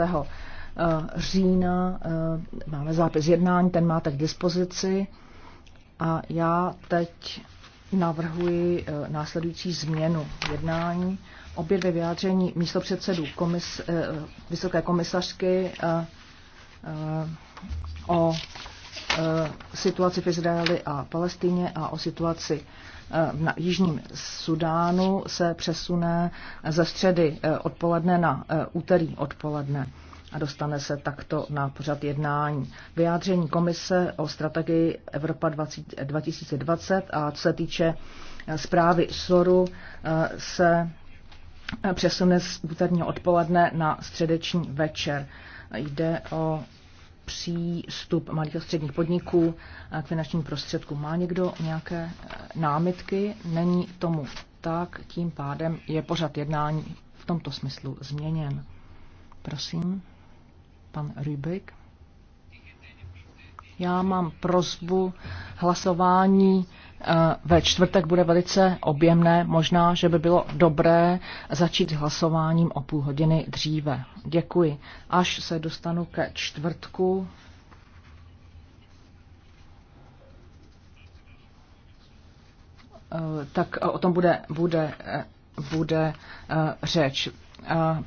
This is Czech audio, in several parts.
Eh, října eh, máme zápis jednání, ten máte k dispozici. A já teď navrhuji eh, následující změnu jednání. Obě dvě vyjádření místopředsedů komis, Vysoké komisařky o situaci v Izraeli a Palestině a o situaci Eh, na Jižním Sudánu se přesune ze středy eh, odpoledne na eh, úterý odpoledne a dostane se takto na pořad jednání. Vyjádření komise o strategii Evropa 2020 a co se týče zprávy SORu se přesune z úterního odpoledne na středeční večer. Jde o přístup malých a středních podniků eh, k finančním prostředkům. Má někdo nějaké eh, námitky? Není tomu tak, tím pádem je pořad jednání v tomto smyslu změněn. Prosím, pan Rybik. Já mám prozbu hlasování ve čtvrtek bude velice objemné. Možná, že by bylo dobré začít hlasováním o půl hodiny dříve. Děkuji. Až se dostanu ke čtvrtku. Eh, tak eh, o tom bude, bude, eh, bude řeč.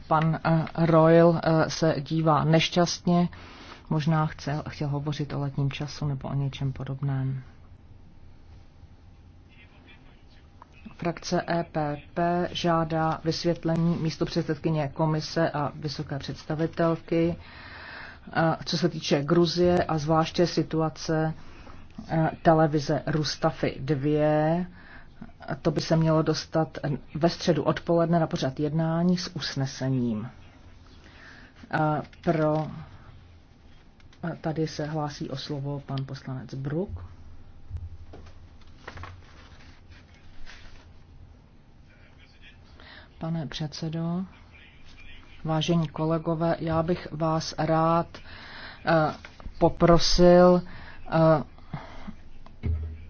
Pan Royal se dívá nešťastně. Možná chcel chtěl hovořit o letním času nebo o něčem podobném. Frakce EPP žádá vysvětlení místo předsedkyně komise a vysoké představitelky, eh, co se týče Gruzie a zvláště situace eh, televize Rustafy 2. To by se mělo dostat ve středu odpoledne na pořad jednání s usnesením. Eh, pro Tady se hlásí o slovo pan poslanec Bruk. pane předsedo. Vážení kolegové, já bych vás rád eh, poprosil eh,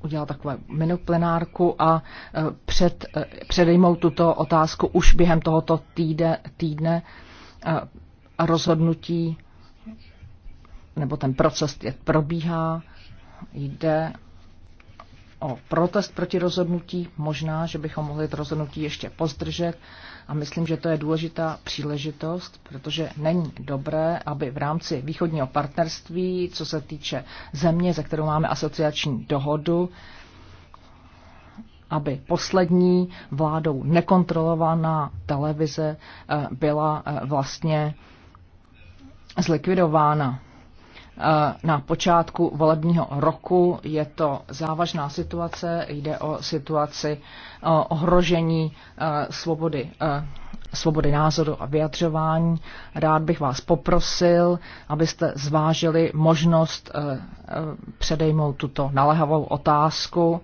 udělat takové minuplenárku a eh, před, předejmout tuto otázku už během tohoto týdne, týdne rozhodnutí, nebo ten proces, jak probíhá, jde o protest proti rozhodnutí. Možná, že bychom mohli to rozhodnutí ještě pozdržet a myslím, že to je důležitá příležitost, protože není dobré, aby v rámci východního partnerství, co se týče země, ze kterou máme asociační dohodu, aby poslední vládou nekontrolovaná televize eh, byla eh, vlastně zlikvidována. Eh, na počátku volebního roku. Je to závažná situace, jde o situaci eh, ohrožení eh, svobody svobody názoru a vyjadřování. Rád bych vás poprosil, abyste zvážili možnost předejmout tuto naléhavou otázku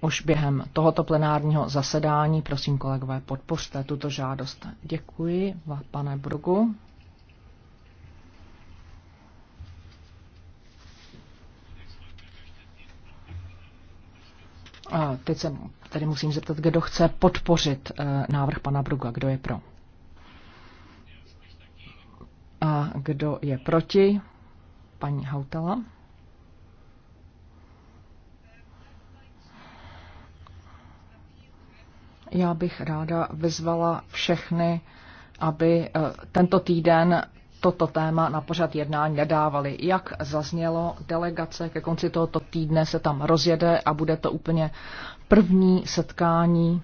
už během tohoto plenárního zasedání. Prosím, kolegové, podpořte tuto žádost. Děkuji, pane Brugu. A teď se tady musím zeptat, kdo chce podpořit eh, návrh pana Bruga. Kdo je pro? A kdo je proti? Paní Hautala. Já bych ráda vyzvala všechny, aby eh, tento týden toto téma na pořad jednání nedávali. Jak zaznělo, delegace ke konci tohoto týdne se tam rozjede a bude to úplně první setkání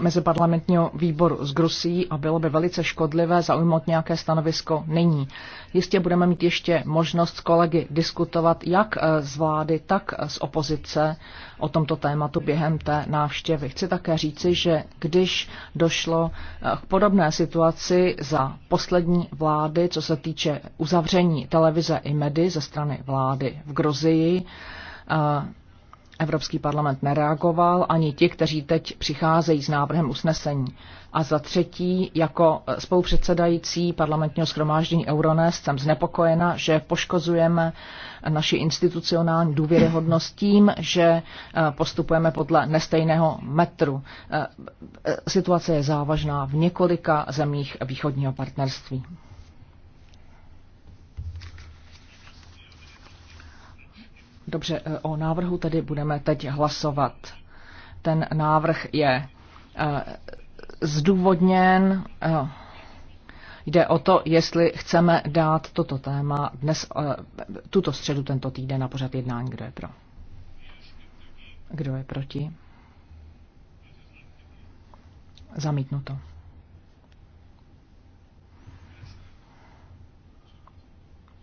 meziparlamentního výboru z Grusí a bylo by velice škodlivé zaujmout nějaké stanovisko nyní. Jistě budeme mít ještě možnost s kolegy diskutovat jak eh, z vlády, tak eh, z opozice o tomto tématu během té návštěvy. Chci také říci, že když došlo eh, k podobné situaci za poslední vlády, co se týče uzavření televize i medy ze strany vlády v Grozii, Evropský parlament nereagoval, ani ti, kteří teď přicházejí s návrhem usnesení. A za třetí, jako eh, spolupředsedající parlamentního schromáždění Euronest jsem znepokojena, že poškozujeme naši institucionální důvěryhodnost tím, že eh, postupujeme podle nestejného metru. Eh, situace je závažná v několika zemích východního partnerství. Dobře, eh, o návrhu tedy budeme teď hlasovat. Ten návrh je eh, zdůvodněn. Eh, jde o to, jestli chceme dát toto téma dnes, tuto středu, tento týden na pořad jednání. Kdo je pro? Kdo je proti? Zamítnuto.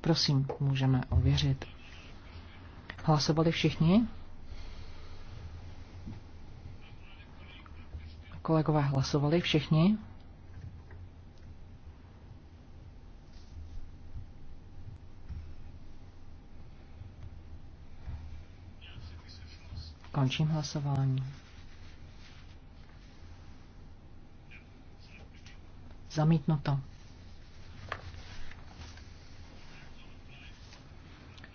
Prosím, můžeme ověřit. Hlasovali všichni? Kolegové hlasovali všichni? Končím hlasování. Zamítnuto.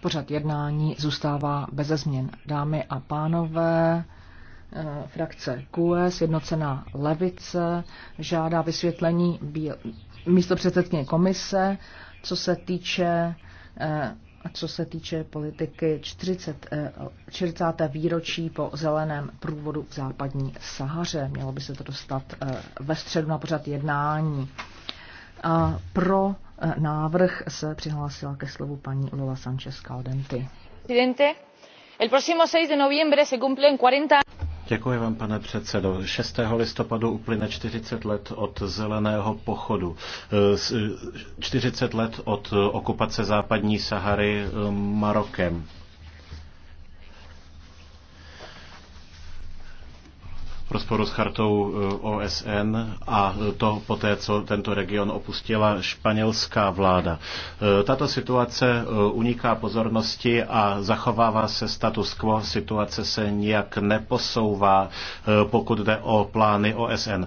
Pořad jednání zůstává beze změn. Dámy a pánové, eh, frakce QE, sjednocená levice, žádá vysvětlení místo předsedkyně komise, co se týče a eh, co se týče politiky 40, 40. Eh, výročí po zeleném průvodu v západní Sahaře. Mělo by se to dostat ve středu na pořad jednání. A pro návrh se přihlásila ke slovu paní Lola Sanchez Caldenty. Děkuji vám, pane předsedo. 6. listopadu uplyne 40 let od zeleného pochodu. 40 let od okupace západní Sahary eh, Marokem. v rozporu s chartou eh, OSN a to poté, co tento region opustila španělská vláda. Eh, tato situace eh, uniká pozornosti a zachovává se status quo. Situace se nijak neposouvá, pokud jde o plány OSN.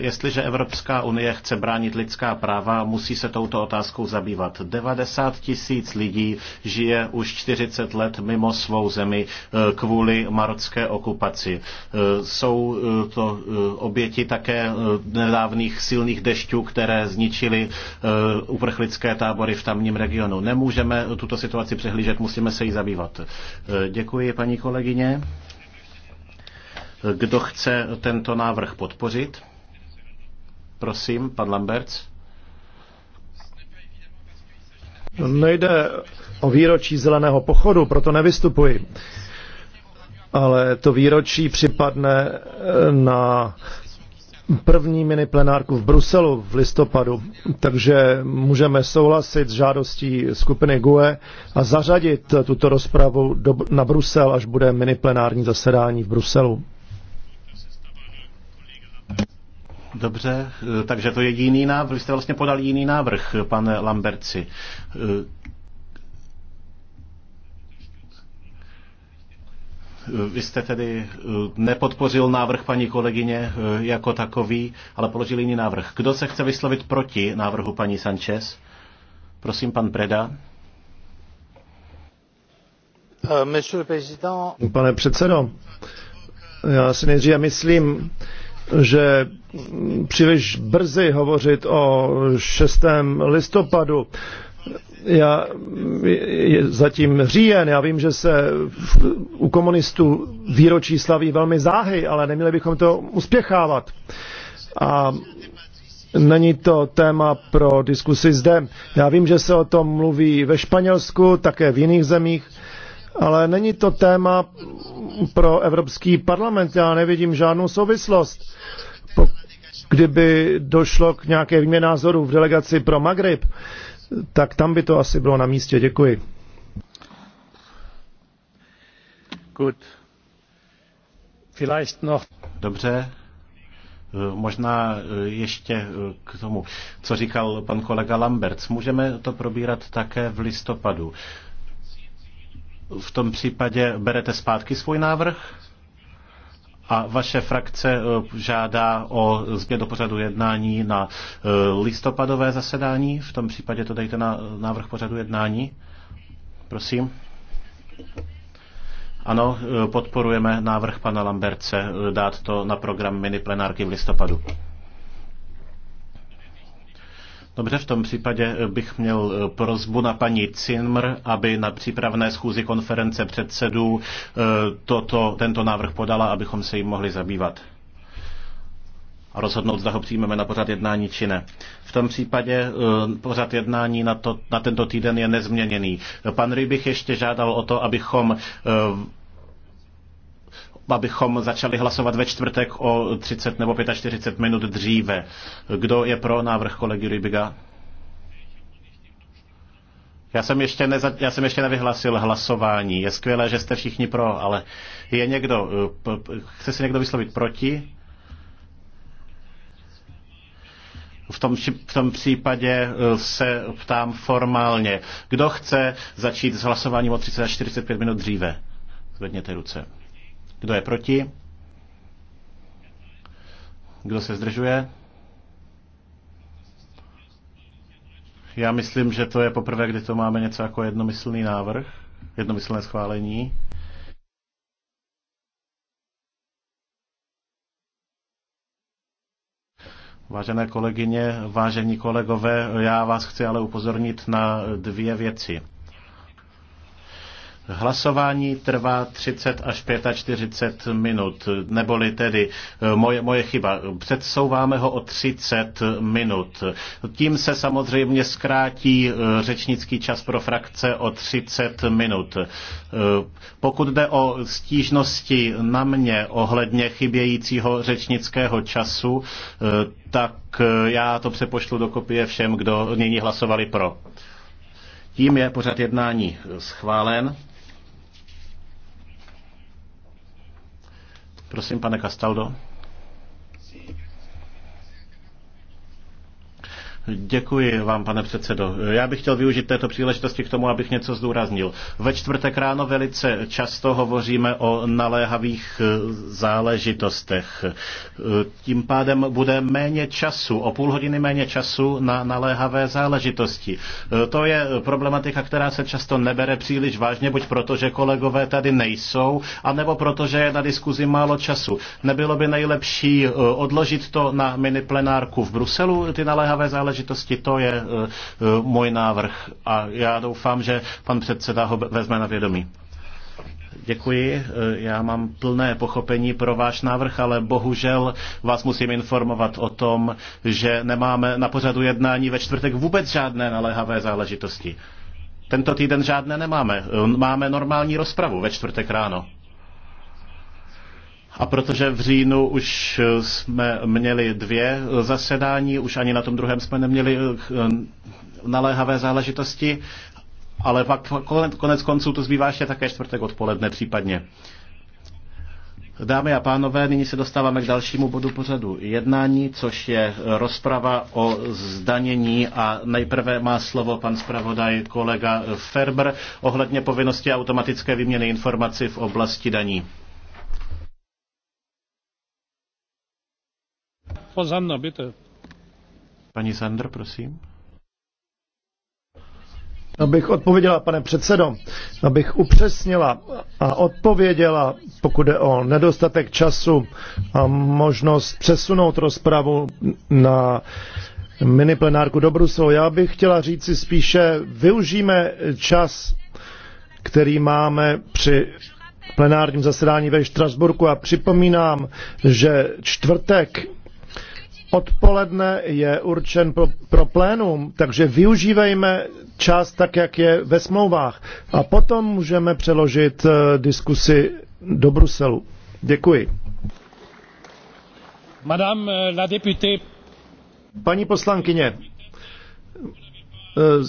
Jestliže Evropská unie chce bránit lidská práva, musí se touto otázkou zabývat. 90 tisíc lidí žije už 40 let mimo svou zemi kvůli marocké okupaci. Jsou Eh, to eh, oběti také eh, nedávných silných dešťů, které zničily uprchlické tábory v tamním regionu. Nemůžeme tuto situaci přehlížet, musíme se jí zabývat. Děkuji, paní kolegyně. Kdo chce tento návrh podpořit? Prosím, pan Lamberts. Nejde o výročí zeleného pochodu, proto nevystupuji ale to výročí připadne eh, na první mini plenárku v Bruselu v listopadu, takže můžeme souhlasit s žádostí skupiny GUE a zařadit tuto rozpravu do, na Brusel, až bude mini plenární zasedání v Bruselu. Dobře, eh, takže to je jiný návrh, vy jste vlastně podal jiný návrh, eh, pane Lamberci. Vy jste tedy eh, nepodpořil návrh paní kolegyně eh, jako takový, ale položil jiný návrh. Kdo se chce vyslovit proti návrhu paní Sanchez? Prosím, pan Preda. Euh, Pane předsedo, já si nejdříve myslím, že příliš brzy hovořit o 6. listopadu já, je zatím říjen, já vím, že se v, u komunistů výročí slaví velmi záhy, ale neměli bychom to uspěchávat. A není to téma pro diskusi zde. Já vím, že se o tom mluví ve Španělsku, také v jiných zemích, ale není to téma pro Evropský parlament. Já nevidím žádnou souvislost. Kdyby došlo k nějaké výměně názorů v delegaci pro Magrib, tak tam by to asi bylo na místě. Děkuji. Gut. Vielleicht noch. Dobře, Možná eh, ještě eh, k tomu, co říkal pan kolega Lambert? Můžeme to probírat také v listopadu. V tom případě berete zpátky svůj návrh? A vaše frakce eh, žádá o změnu pořadu jednání na eh, listopadové zasedání. V tom případě to dejte na návrh pořadu jednání. Prosím. Ano, eh, podporujeme návrh pana Lamberce dát to na program mini plenárky v listopadu. Dobře, v tom případě eh, bych měl eh, prozbu na paní Cimr, aby na přípravné schůzi konference předsedů eh, toto, tento návrh podala, abychom se jim mohli zabývat a rozhodnout, zda ho přijmeme na pořad jednání či ne. V tom případě pořad jednání na, to, na tento týden je nezměněný. Pan Rybich ještě žádal o to, abychom abychom začali hlasovat ve čtvrtek o 30 nebo 45 minut dříve. Kdo je pro návrh kolegy Rybiga? Já jsem, ještě neza, já jsem ještě nevyhlasil hlasování. Je skvělé, že jste všichni pro, ale je někdo, eh, chce si někdo vyslovit proti? V tom, v tom případě eh, se ptám formálně. Kdo chce začít s hlasováním o 30 až 45 minut dříve? Zvedněte ruce. Kdo je proti? Kdo se zdržuje? Já myslím, že to je poprvé, kdy to máme něco jako jednomyslný návrh, jednomyslné schválení. Vážené kolegyně, vážení kolegové, já vás chci ale upozornit na dvě věci. Hlasování trvá 30 až 45 minut, neboli tedy eh, moje, moje chyba. Předsouváme ho o 30 minut. Tím se samozřejmě zkrátí eh, řečnický čas pro frakce o 30 minut. Eh, pokud jde o stížnosti na mě ohledně chybějícího řečnického času, tak já to přepošlu do kopie všem, kdo nyní hlasovali pro. Tím je pořad jednání schválen. Prosím, pane Castaldo. Děkuji vám, pane předsedo. Já bych chtěl využít této příležitosti k tomu, abych něco zdůraznil. Ve čtvrtek ráno velice často hovoříme o naléhavých eh, záležitostech. Eh, tím pádem bude méně času, o půl hodiny méně času na naléhavé záležitosti. Eh, to je problematika, která se často nebere příliš vážně, buď proto, že kolegové tady nejsou, anebo proto, že je na diskuzi málo času. Nebylo by nejlepší odložit to na mini plenárku v Bruselu, ty naléhavé záležitosti? příležitosti. To je eh, eh, můj návrh a já doufám, že pan předseda ho vezme na vědomí. Děkuji. Eh, já mám plné pochopení pro váš návrh, ale bohužel vás musím informovat o tom, že nemáme na pořadu jednání ve čtvrtek vůbec žádné naléhavé záležitosti. Tento týden žádné nemáme. Máme normální rozpravu ve čtvrtek ráno. A protože v říjnu už jsme měli dvě zasedání, už ani na tom druhém jsme neměli eh, naléhavé záležitosti, ale pak konec, konců to zbývá ještě také čtvrtek odpoledne případně. Dámy a pánové, nyní se dostáváme k dalšímu bodu pořadu jednání, což je rozprava o zdanění a nejprve má slovo pan zpravodaj kolega Ferber ohledně povinnosti automatické výměny informací v oblasti daní. Frau Sander, bitte. Paní Sander, prosím. Abych odpověděla, pane předsedo, abych upřesnila a odpověděla, pokud jde o nedostatek času a možnost přesunout rozpravu na plenárku do Bruselu. Já bych chtěla říci spíše, využijeme čas, který máme při plenárním zasedání ve Štrasburku a připomínám, že čtvrtek odpoledne je určen pro, pro plénum, takže využívejme čas tak, jak je ve smlouvách. A potom můžeme přeložit eh, diskusi do Bruselu. Děkuji. Madame eh, la députée. Paní poslankyně, eh,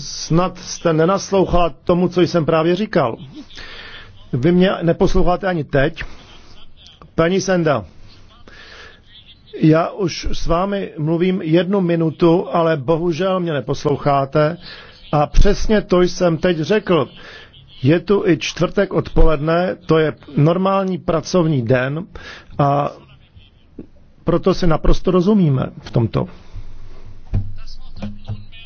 snad jste nenaslouchala tomu, co jsem právě říkal. Vy mě neposloucháte ani teď. Paní Senda, já už s vámi mluvím jednu minutu, ale bohužel mě neposloucháte. A přesně to jsem teď řekl. Je tu i čtvrtek odpoledne, to je normální pracovní den a proto si naprosto rozumíme v tomto.